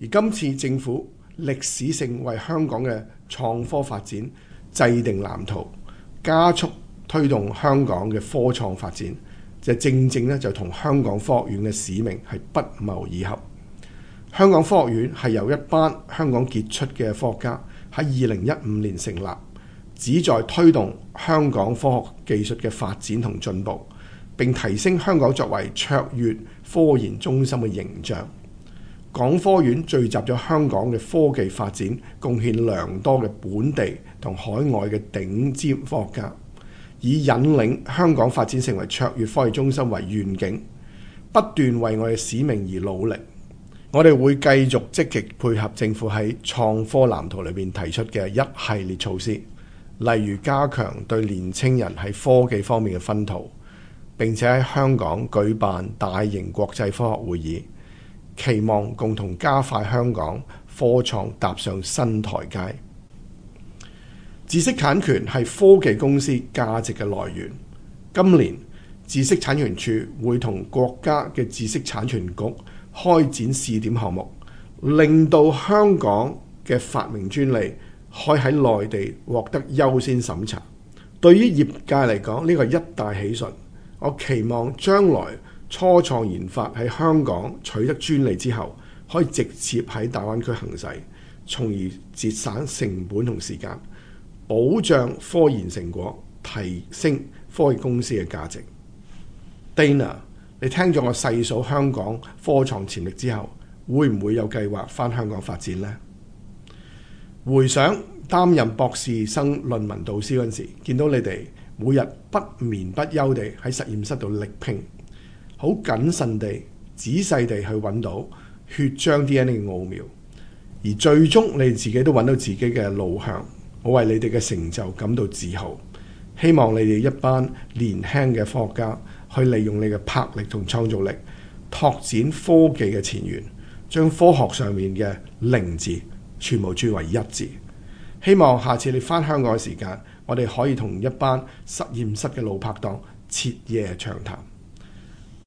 而今次政府歷史性為香港嘅創科發展制定藍圖，加速推動香港嘅科創發展，就正正咧就同香港科學院嘅使命係不謀而合。香港科學院係由一班香港傑出嘅科學家喺二零一五年成立，旨在推動香港科學技術嘅發展同進步，並提升香港作為卓越科研中心嘅形象。港科院聚集咗香港嘅科技發展貢獻良多嘅本地同海外嘅頂尖科學家，以引領香港發展成為卓越科技中心為願景，不斷為我哋使命而努力。我哋會繼續積極配合政府喺創科藍圖裏邊提出嘅一系列措施，例如加強對年青人喺科技方面嘅熏陶，並且喺香港舉辦大型國際科學會議。期望共同加快香港科創踏上新台階。知識產權係科技公司價值嘅來源。今年，知識產權處會同國家嘅知識產權局開展試點項目，令到香港嘅發明專利可以喺內地獲得優先審查。對於業界嚟講，呢、這個一大喜訊。我期望將來。初創研發喺香港取得專利之後，可以直接喺大灣區行使，從而節省成本同時間，保障科研成果，提升科技公司嘅價值。Dana，你聽咗我細數香港科創潛力之後，會唔會有計劃返香港發展呢？回想擔任博士生論文導師嗰陣時，見到你哋每日不眠不休地喺實驗室度力拼。好謹慎地、仔細地去揾到血漿 DNA 嘅奧妙，而最終你自己都揾到自己嘅路向。我為你哋嘅成就感到自豪。希望你哋一班年輕嘅科學家去利用你嘅魄力同創造力，拓展科技嘅前沿，將科學上面嘅零字全部轉為一字。希望下次你返香港嘅時間，我哋可以同一班實驗室嘅老拍檔徹夜長談。